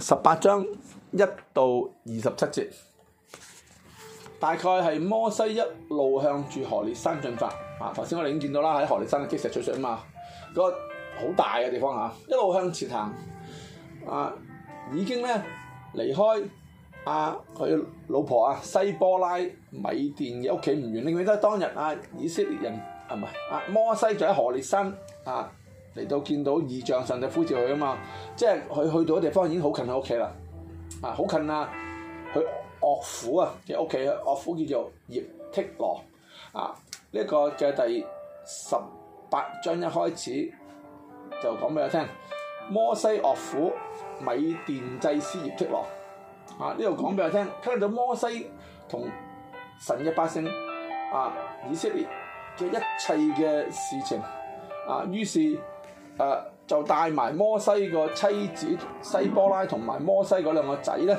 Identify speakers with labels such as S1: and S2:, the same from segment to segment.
S1: 十八章一到二十七節，大概係摩西一路向住何烈山進發。啊，頭先我哋已經見到啦，喺何烈山嘅擊石出水啊嘛，嗰個好大嘅地方吓、啊，一路向前行啊，已經咧離開啊，佢老婆啊西波拉米甸嘅屋企唔遠。你記唔記得當日啊，以色列人啊唔係阿摩西就喺何烈山啊？嚟到見到異象，神就呼召佢啊嘛，即係佢去到嘅地方已經好近佢屋企啦，啊好近啊，佢岳父啊嘅屋企，岳父，啊、岳父叫做葉忒羅，啊呢、這個嘅第十八章一開始就講俾我聽，摩西岳父米甸祭司葉忒羅，啊呢度講俾我聽，聽到摩西同神嘅百姓啊以色列嘅一切嘅事情，啊於是。誒、啊、就帶埋摩西個妻子西波拉同埋摩西嗰兩個仔咧，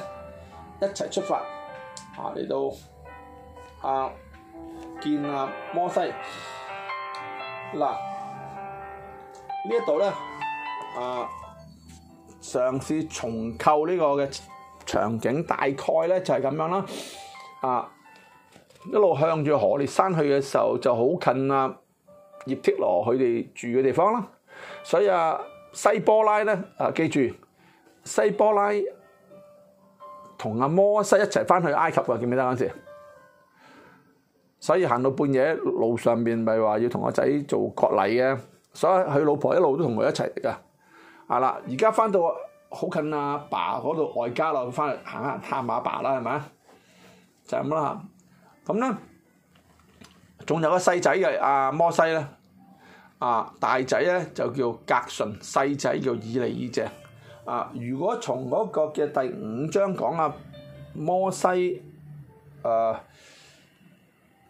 S1: 一齊出發嚇，嚟到啊見啊摩西嗱、啊、呢一度咧，啊嘗試重構呢個嘅場景，大概咧就係、是、咁樣啦，啊一路向住何烈山去嘅時候，就好近啊葉忒羅佢哋住嘅地方啦。所以啊，西波拉咧，啊，記住西波拉同阿摩西一齊翻去埃及嘅，記唔記得嗰陣時？所以行到半夜路上面咪話要同個仔做割禮嘅，所以佢老婆一路都同佢一齊㗎。係啦，而家翻到好近阿爸嗰度外家啦，佢翻嚟行下探阿爸啦，係咪就咁、是、啦，咁咧，仲有個細仔嘅阿摩西啦。啊，大仔咧就叫格順，細仔叫以利以謝。啊，如果從嗰個嘅第五章講啊，摩西，誒、啊，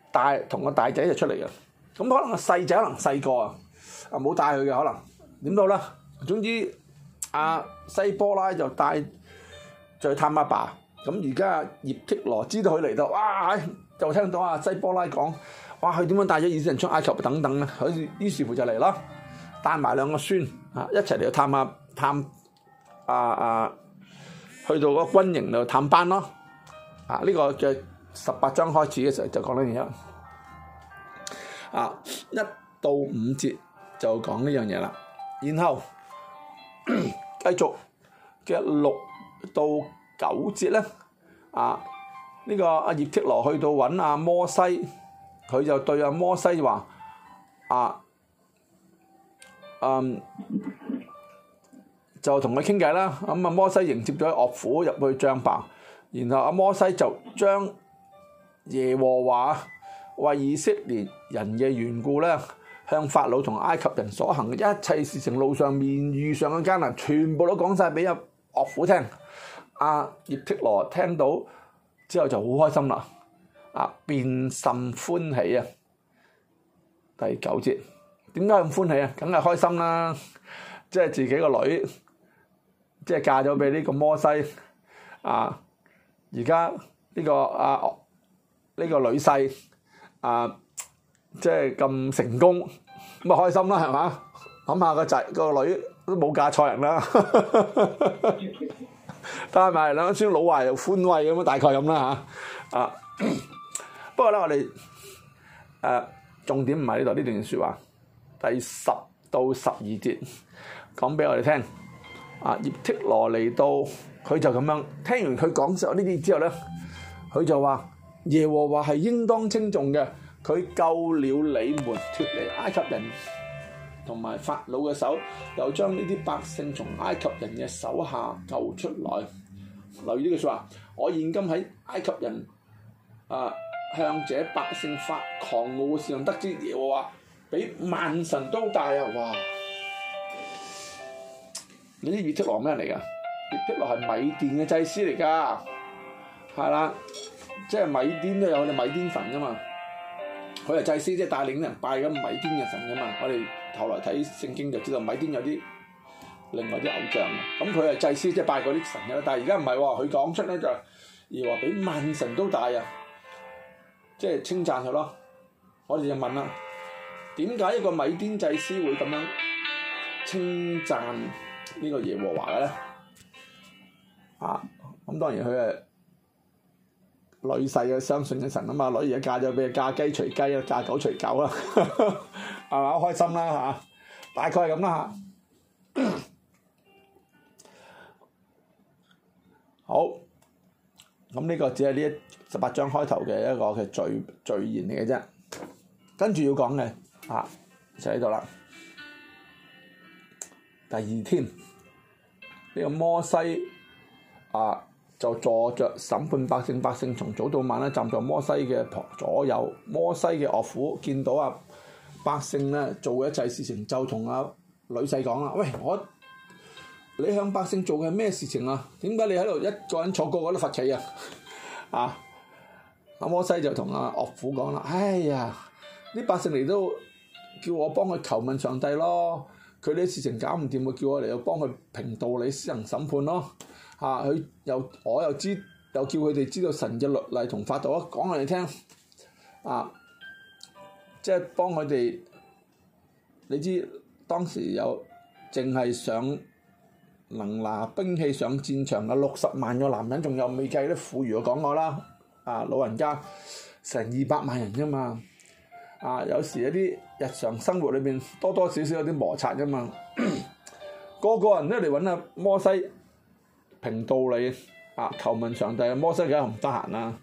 S1: 大同個大仔就出嚟嘅，咁可能細仔可能細個啊，冇帶佢嘅可能，點到啦，總之阿、啊、西波拉就帶，就去探阿爸，咁而家葉忒羅知道佢嚟到，哇，又聽到阿、啊、西波拉講。哇！佢點樣帶咗以色列人出埃及？等等咧，佢於是乎就嚟咯，帶埋兩個孫啊，一齊嚟去探下探啊啊，去到嗰軍營度探班咯。啊，呢、這個嘅十八章開始嘅時候就講呢樣嘢。啊，一到五節就講呢樣嘢啦。然後繼續嘅六到九節咧，啊，呢、這個阿葉忒羅去到揾阿、啊、摩西。佢就對阿摩西話：啊，嗯，就同佢傾偈啦。咁啊，摩西迎接咗岳父入去帳棚，然後阿，啊，摩西就將耶和華為以色列人嘅緣故咧，向法老同埃及人所行一切事情，路上面遇上嘅艱難，全部都講晒俾阿岳父聽。阿葉忒羅聽到之後就好開心啦。啊！變甚歡喜啊！第九節點解咁歡喜啊？梗係開心啦！即係自己個女，即係嫁咗俾呢個摩西啊！而家呢個啊呢、呢個女婿啊，即係咁成功，咁啊開心啦、啊，係嘛？諗下個仔個女都冇嫁錯人啦，但係咪兩尊老懷又寬慰咁啊！大概咁啦嚇啊！啊不過咧，我哋誒重點唔係呢度呢段説話，第十到十二節講俾我哋聽，啊，葉忒羅嚟到，佢就咁樣聽完佢講述呢啲之後咧，佢就話 耶和華係應當稱重嘅。佢救了你們脫離埃及人同埋法老嘅手，又將呢啲百姓從埃及人嘅手下救出來。留意呢句説話，我現今喺埃及人啊。呃向者百姓發狂傲時，上得知耶和華，比萬神都大啊！哇！你知葉忒羅咩人嚟噶？葉忒羅係米甸嘅祭司嚟噶，係啦，即係米甸都有我哋米甸神噶嘛。佢係祭司，即係帶領人拜緊米甸嘅神噶嘛。我哋後來睇聖經就知道米甸有啲另外啲偶像。咁佢係祭司，即係拜嗰啲神噶啦。但係而家唔係喎，佢講出咧就而話比萬神都大啊！即係稱讚佢咯，我哋就問啦，點解一個米甸祭司會咁樣稱讚呢個耶和華嘅咧？啊，咁當然佢誒女婿嘅相信嘅神啊嘛，女而家嫁咗俾佢嫁雞隨雞啦，嫁狗隨狗啦，係嘛？好開心啦嚇、啊，大概係咁啦嚇。好，咁呢個只係呢一。十八章開頭嘅一個嘅序序言嚟嘅啫，跟住要講嘅啊，就喺度啦。第二天呢個摩西啊，就坐着審判百姓，百姓從早到晚咧，站在摩西嘅旁左右。摩西嘅岳父見到啊百姓咧做嘅一切事情，就同阿女婿講啦：，喂，我你向百姓做嘅咩事情啊？點解你喺度一個人坐個個都發脾啊？啊！阿摩西就同阿岳父講啦：，哎呀，呢百姓嚟都叫我幫佢求問上帝咯，佢啲事情搞唔掂，咪叫我嚟又幫佢評道理、私人審判咯。嚇、啊，佢又我又知又叫佢哋知道神嘅律例同法度咯，講佢哋聽。啊，即係幫佢哋。你知當時有淨係想能拿兵器上戰場嘅六十萬個男人，仲有未計啲婦孺，我講過啦。啊，老人家成二百萬人啫嘛、啊！啊，有時一啲日常生活裏邊多多少少有啲摩擦啫嘛、啊。個個人都嚟揾阿摩西評道理啊，求問上帝，阿摩西梗係唔得閒啦。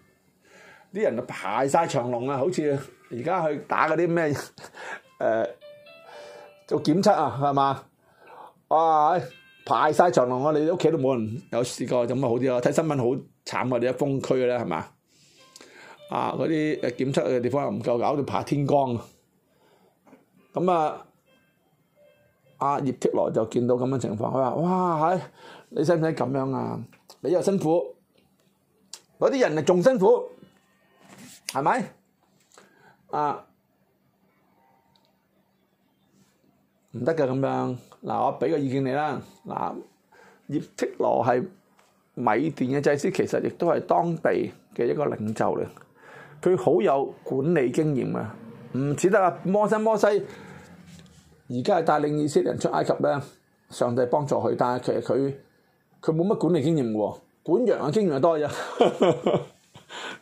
S1: 啲人就排晒長龍啊，好似而家去打嗰啲咩誒做檢測啊，係嘛？哇、啊！排晒長龍啊，你屋企都冇人有試過咁咪好啲咯？睇新聞好慘啊，你一封區咧係嘛？啊！嗰啲誒檢測嘅地方又唔夠，搞到爬天光啊！咁啊，阿葉鐵羅就見到咁樣情況，佢話：哇！係你使唔使咁樣啊？你又辛苦，嗰啲人啊仲辛苦，係咪？啊，唔得㗎咁樣。嗱，我俾個意見你啦。嗱，葉鐵羅係米甸嘅祭司，其實亦都係當地嘅一個領袖嚟。佢好有管理經驗啊，唔似得啊，摩西摩西，而家係帶領以色列人出埃及咧，上帝幫助佢，但係其實佢佢冇乜管理經驗嘅喎，管羊嘅經驗多咗，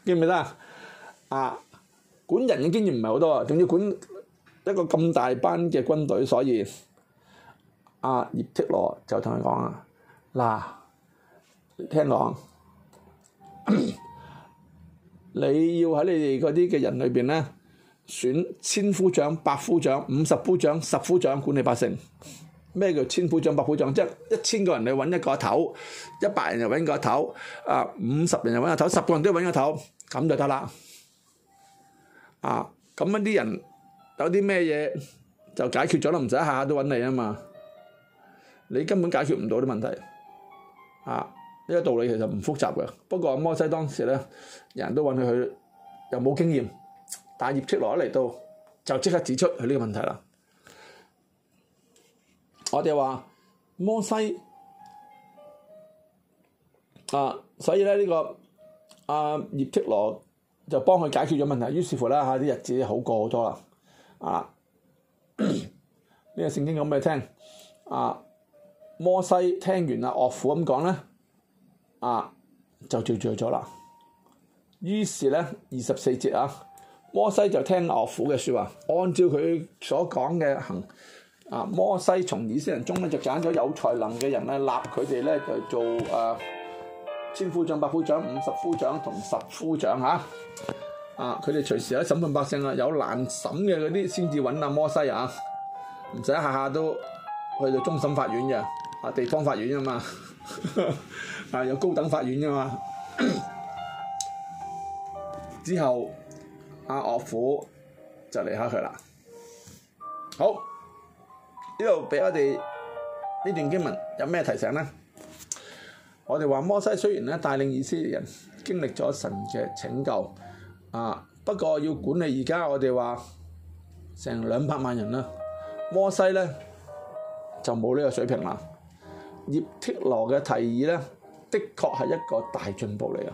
S1: 記唔記得啊？啊，管人嘅經驗唔係好多啊，仲要管一個咁大班嘅軍隊，所以阿葉忒羅就同佢講啊，嗱，啊，你聽講。你要喺你哋嗰啲嘅人裏邊咧，選千夫長、百夫長、五十夫長、十夫長管理百姓。咩叫千夫長、百夫長？即係一千個人你揾一個頭，一百人就揾個頭，啊，五十人就揾個頭，十個人都揾個頭，咁就得啦。啊，咁樣啲人有啲咩嘢就解決咗啦，唔使下下都揾你啊嘛。你根本解決唔到啲問題，啊！呢個道理其實唔複雜嘅，不過摩西當時咧，人都揾佢，又冇經驗，但係葉忒羅一嚟到就即刻指出佢呢個問題啦。我哋話摩西啊，所以咧、這、呢個阿葉忒羅就幫佢解決咗問題，於是乎咧嚇啲日子好過好多啦。啊，呢、 呢個聖經講俾你聽，啊摩西聽完阿岳父咁講咧。啊，就照住咗啦。於是咧，二十四節啊，摩西就聽岳父嘅説話，按照佢所講嘅行。啊，摩西從以色列人中咧就揀咗有才能嘅人咧，立佢哋咧就做誒、啊、千夫長、百夫長、五十夫長同十夫長嚇。啊，佢哋隨時喺審判百姓啊，有難審嘅嗰啲先至揾阿摩西啊，唔使下下都去到終審法院嘅，啊，地方法院啊嘛。啊！ 有高等法院噶嘛？ 之後阿、啊、岳父就離開佢啦。好，呢度俾我哋呢段經文有咩提醒呢？我哋話摩西雖然咧帶領以色列人經歷咗神嘅拯救，啊，不過要管理而家我哋話成兩百萬人啦，摩西咧就冇呢個水平啦。葉忒羅嘅提議咧，的確係一個大進步嚟啊！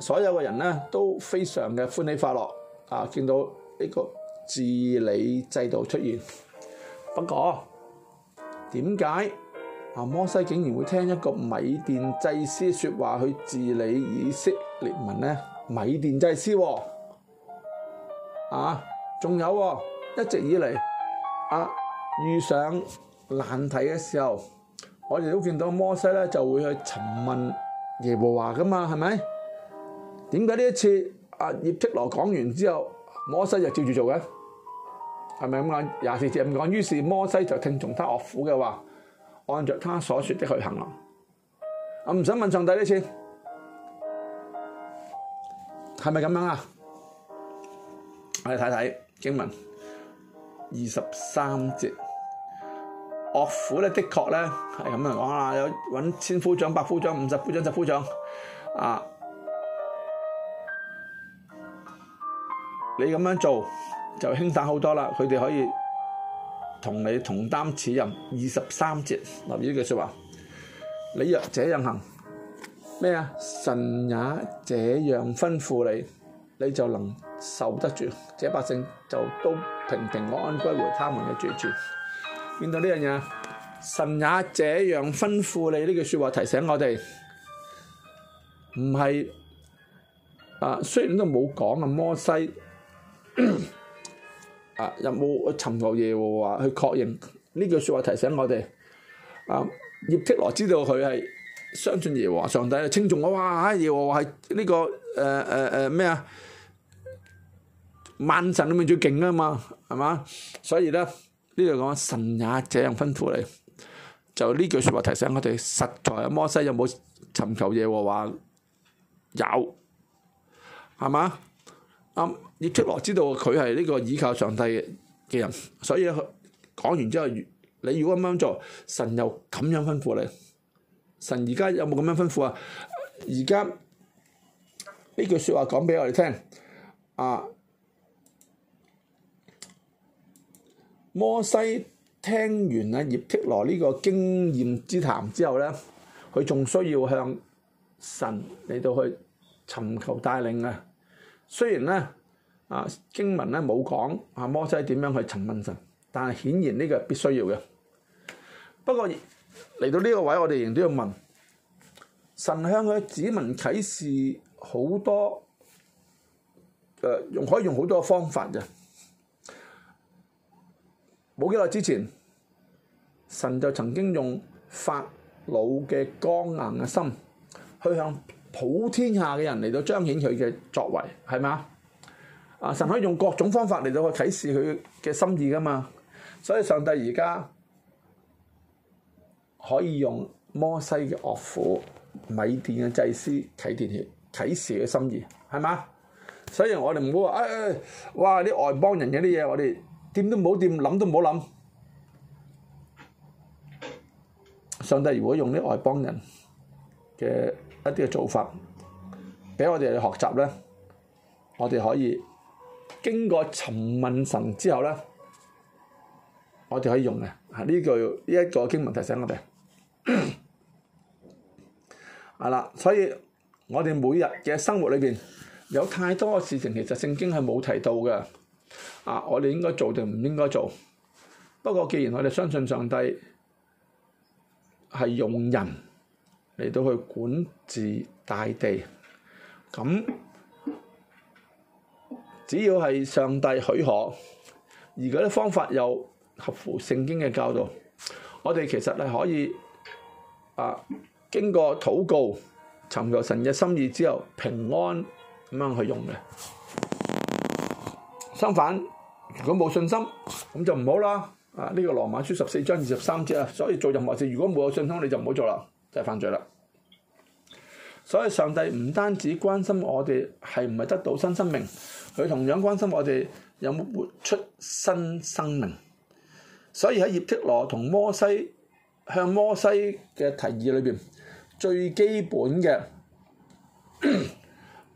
S1: 所有嘅人咧都非常嘅歡喜快樂啊，見到呢個治理制度出現。不過點解啊摩西竟然會聽一個米甸祭司説話去治理以色列民呢？米甸祭司喎、哦、啊，仲有、哦、一直以嚟啊，遇上難題嘅時候。我哋都見到摩西咧就會去詢問耶和華噶嘛，係咪？點解呢一次阿葉積羅講完之後，摩西就照住做嘅？係咪咁樣？廿四節咁講。於是摩西就聽從他岳父嘅話，按照他所說的去行咯。我唔想問上帝呢次，係咪咁樣啊？我哋睇睇經文二十三節。岳父咧，的確咧係咁樣講啦，有揾千夫長、百夫長、五十夫長、十夫長，啊！你咁樣做就輕省好多啦。佢哋可以同你同擔此任。二十三節留意呢句説話，你若這樣行，咩啊？神也這樣吩咐你，你就能受得住，這百姓就都平平安安歸回他們嘅住處。見到呢樣嘢，神也這樣吩咐你呢句説話，提醒我哋，唔係啊，雖然都冇講啊，摩西啊，又有冇去尋求耶和華去確認呢句説話？提醒我哋啊，葉忒羅知道佢係相信耶和華上帝嘅稱頌啊！哇，耶和華係呢、這個誒誒誒咩啊？萬、呃呃呃、神裏面最勁啊嘛，係嘛？所以咧。呢度講神也這樣吩咐你，就呢句説話提醒我哋，實在啊，摩西有冇尋求耶和華？有，係嘛？葉忒羅知道佢係呢個倚靠上帝嘅人，所以講完之後，你如果咁樣做，神又咁樣吩咐你。神而家有冇咁樣吩咐啊？而家呢句説話講畀我哋聽，啊！摩西聽完啊葉忒羅呢個經驗之談之後咧，佢仲需要向神嚟到去尋求帶領啊。雖然咧啊經文咧冇講啊摩西點樣去尋問神，但係顯然呢個係必須要嘅。不過嚟到呢個位，我哋仍都要問神向佢指明啟示好多誒，用、呃、可以用好多方法嘅。冇幾耐之前，神就曾經用法老嘅剛硬嘅心，去向普天下嘅人嚟到彰顯佢嘅作為，係咪啊？神可以用各種方法嚟到去啟示佢嘅心意噶嘛？所以上帝而家可以用摩西嘅岳父、米甸嘅祭司啟，啟示佢心意，係嘛？所以我哋唔好話，誒、哎，哇，啲外邦人嘅啲嘢我哋。掂都冇掂，諗都冇諗。上帝如果用啲外邦人嘅一啲嘅做法，俾我哋去學習咧，我哋可以經過尋問神之後咧，我哋可以用嘅。係呢句，呢一個經文提醒我哋。係啦， 所以我哋每日嘅生活裏邊，有太多嘅事情其實聖經係冇提到嘅。啊！我哋應該做定唔應該做？不過既然我哋相信上帝係用人嚟到去管治大地，咁只要係上帝許可，而嗰啲方法又合乎聖經嘅教導，我哋其實係可以啊，經過禱告尋求神嘅心意之後，平安咁樣去用嘅。相反。如果冇信心，咁就唔好啦。啊，呢個《羅馬書》十四章二十三節啊，所以做任何事，如果冇信心，你就唔好做啦，就係、是、犯罪啦。所以上帝唔單止關心我哋係唔係得到新生命，佢同樣關心我哋有冇活出新生命。所以喺葉忒羅同摩西向摩西嘅提議裏邊，最基本嘅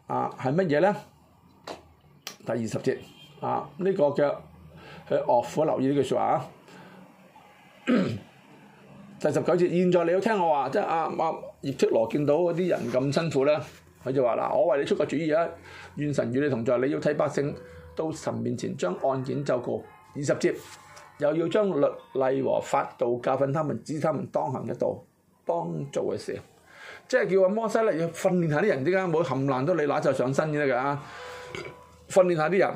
S1: 啊係乜嘢咧？第二十節。啊！呢、這個嘅，佢岳父留意呢句説話啊。第十九節，現在你要聽我話，即係啊啊葉忒羅見到啲人咁辛苦咧，佢就話嗱、啊，我為你出個主意啊！願神與你同在，你要替百姓到神面前將案件奏告。二十節，又要將律例和法度教訓他們，指他們當行一道，當做嘅事。即係叫阿摩西嚟要訓練下啲人，點解冇含爛到你揦就上身嘅啦！啊，訓練下啲人。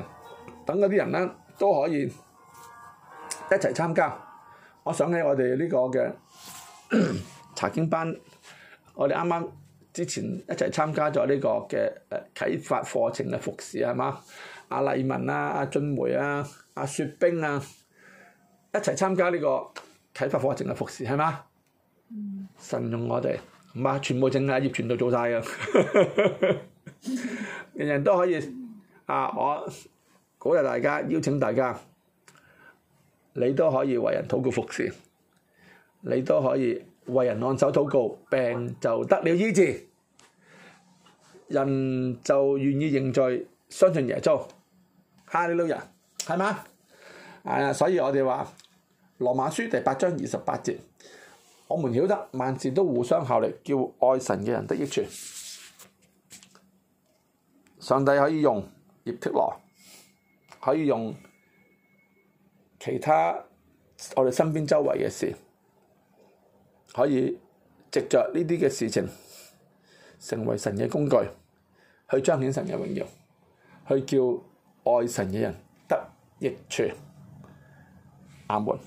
S1: 等嗰啲人咧都可以一齊參加。我想起我哋呢個嘅查經班，我哋啱啱之前一齊參加咗呢個嘅誒啟發課程嘅服侍係嘛？阿麗、啊、文啊、阿、啊、俊梅啊、阿、啊啊、雪冰啊，一齊參加呢個啟發課程嘅服侍係嘛？嗯、神用我哋，唔係全部淨係葉傳道做晒嘅， 人人都可以、嗯、啊我。鼓勵大家，邀請大家，你都可以為人禱告服事，你都可以為人按手禱告，病就得了醫治，人就願意認罪，相信耶穌。哈利路亞，係嘛？啊，所以我哋話羅馬書第八章二十八節，我們曉得萬事都互相效力，叫愛神嘅人得益處。上帝可以用葉忒羅。可以用其他我哋身邊周圍嘅事，可以藉着呢啲嘅事情，成為神嘅工具，去彰顯神嘅榮耀，去叫愛神嘅人得益處。阿門。